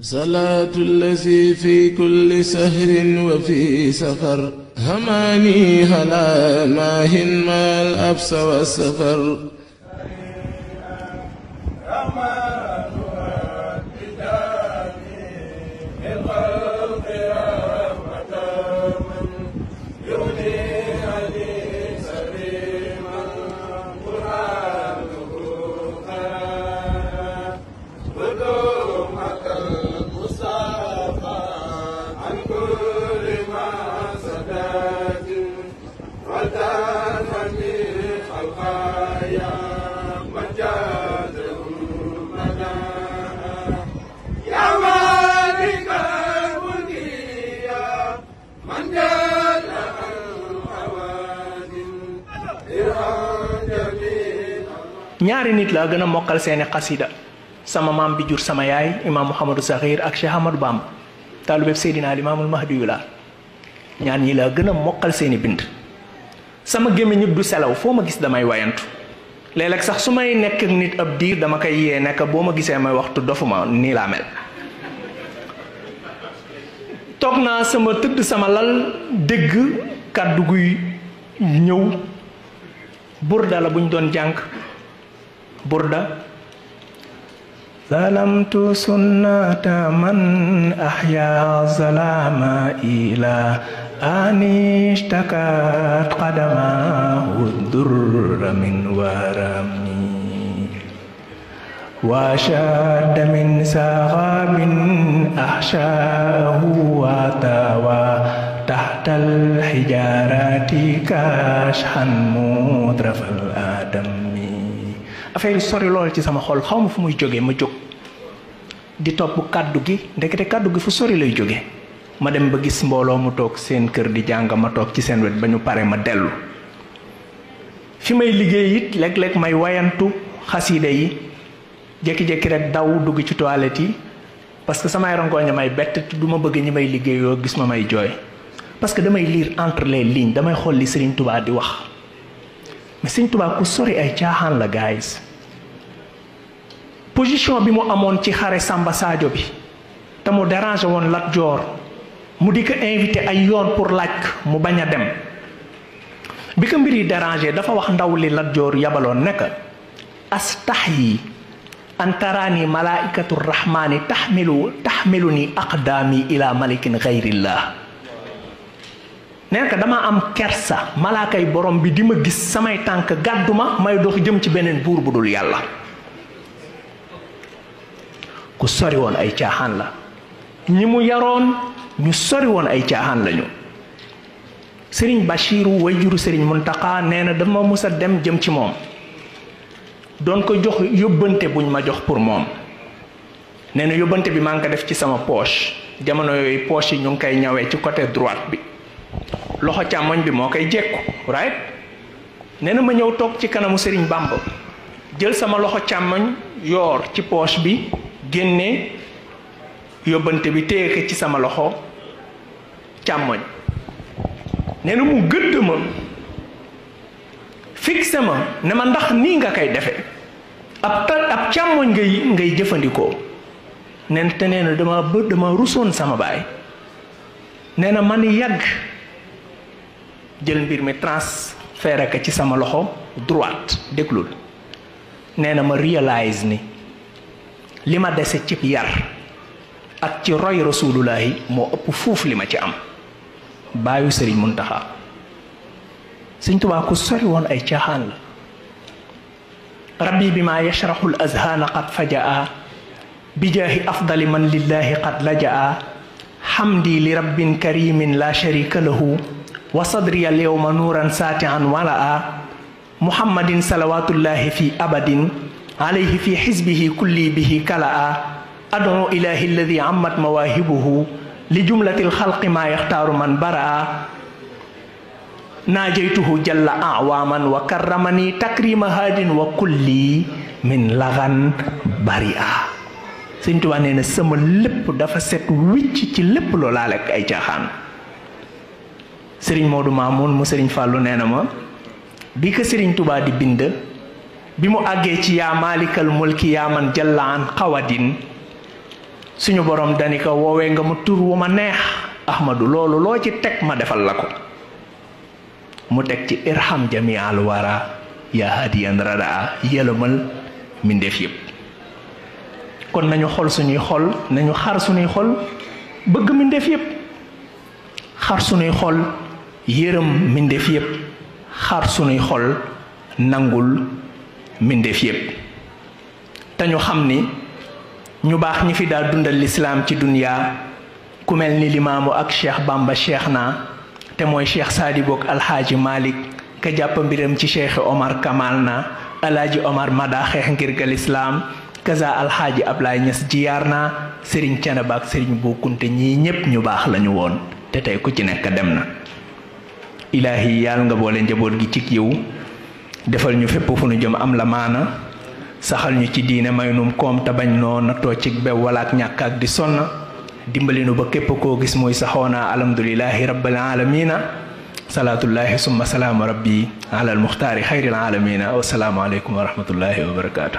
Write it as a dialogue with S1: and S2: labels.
S1: صلاة الذي في كل سهر وفي سفر هماني هلا ماهن ما الأبس والسفر ñaari nit la gëna mokal seeni qasida sama Mam bi jur sama yaay imam Muhammad zahir ak cheikh talibé sayidina al imam al mahdi yu ñaan yi la gëna mokal seeni bind sama ñub du selaw magis ma gis damay wayantu léeg sax sumay nek nekk ak nit ab diir dama kay yé nek bo ma gisé may waxtu dofuma ni la mel tokna sama tudd sama lal kaddu guy burdala buñ doon jank burda zalamtu sunnata man ahya zalama ila ani qadama qadamahu min warami wa shadda min saghabin ahshahu wa tawa tahtal hijarati kashan mudrafal adami affaire yi sori lool ci sama xol xaw fu muy jógee ma jóg di topp kàddu gi ndekete kàddu gi fu sori lay jóge ma dem ba gis mbooloo mu toog seen kër di jàng ma toog ci seen wet ba ñu pare ma dellu fi may liggéey it léeg-léeg may wayantu xaside yi jekki-jekki rek daw dugg ci toilette yi parce que samay rangooñ may bett du ma bëgg ñi may liggéeyoo gis ma may jooy parce que damay lire entre les lignes damay xool li Serigne Touba di wax Mesin tuba ku sori ay caaxaan eh, la guys position bi mo amon ci xare samba sadio bi ta mo déranger won lat jor mu di ko inviter ay yoon pour lacc mu baña dem bi ko mbiri déranger dafa wax ndaw li lat jor yabalon nek astahyi antarani malaikatur rahmani tahmilu tahmiluni aqdami ila malikin ghayrillah nee ko dama am kersa malaakay borom bi di ma gis samay tànk gàddu ma may dox jëm ci beneen buur bu dul yàlla ku sori woon ay caaxaan la ñi mu yaroon ñu sori woon ay caaxaan lañu sëriñ Bachiru wayjuru sëriñ mun Muntaqa nee na dama musa dem jëm ci moom doon ko jox yóbbante bu buñ ma jox pour moom nee na yóbbante bi maa ngi ko def ci sama poche jamono yooyu poche yi ñu ngi koy ñawee ci côté droite bi loxo càmmoñ bi mo kay jekku right nee ma ñew tok ci kanamu serigne bamba jël sama loxo càmmoñ yor ci poche bi genné yobante bi téye ci sama loxo càmmoñ nee mu gëdd ma fixé ma ne ma ndax ni nga kay defe ab ta ab càmmoñ ngay ngay jëfëndiko nen tenena dema dama dama sama bay. nee man jël mbir mi transféré ko ci sama loxo droite déglul nee na ma réalise ni li ma dese ci yar ak ci roy rasulullahi moo ëpp foofu li ma ci am baayu sëriñ Muntaxa sëñ Tuubaa sori woon ay caaxaan la rabbi bi maa yashraxul azhaana qad fajaa bijaahi afdali man lillahi qad lajaa xamdi li rabbin karimin la sharika lahu wa sadri al yawma nuuran saatian walaa muhammadin salawatullahi fi abadin alayhi fi xisbihi kulli bihi kalaa ad'u ilahi alladi ammat mawaahibuhu li jumlati alxalqi maa yaxtaaru man baraa naajaytuhu jalla awaaman wa karramani takrima haadin wa kulli min lagan baria sëñ Tuubaa nee na sama lépp dafa set wicc ci lépp loolaale ak ay caaxaan sëriñ Modou Mamoun mu sëriñ Fallou nee na ma bi ko sëriñ tubaa di bind bi mu àggee ci yaa maalikal mulki yaa jallaan xawadin suñu boroom dani ko woowee nga ma tur wu ma neex ahmadu loolu loo ci teg ma defal la ko mu teg ci irham jami al wara yaa hadiyan radaa yëlëmal mbindeef yépp kon nañu xol suñuy xol nañu xar suñuy xol bëgg mbindeef yépp xar suñuy xol yërëm mbindeef yépp xar sunuy xol nangul mbindeef yépp te ñu xam ni ñu baax ñi fi daal dundal lislaam ci duniyaa ku mel ni limaamu ak cheikh bàmba cheikh naa te mooy cheikh saadiboog alxaaji malik ka jàpp mbiram ci cheikh omar kamal na alaaji omar mada xeex ngir ga lislaam kaza alxaaji ablaay ñas jiyaar naa sëriñ canaba sëriñ bu kunte ñii ñépp ñu baax lañu woon te tey ku ci nekk dem na ilaahi yàlla nga boole njaboot gi cig yiw defal ñu fépp fu am la maana saxal ñu ci diine may num koom te bañ noo nattoo cig bew wala ñàkk ak di sonn dimbali nu ba képp koo gis muy saxoona alhamdulilahi rabbil alamina salaatullahi summa salaamu rabbi alal muxtaari xayril alamina wasalaamualeykum wa rahmatullahi wa barakaatu.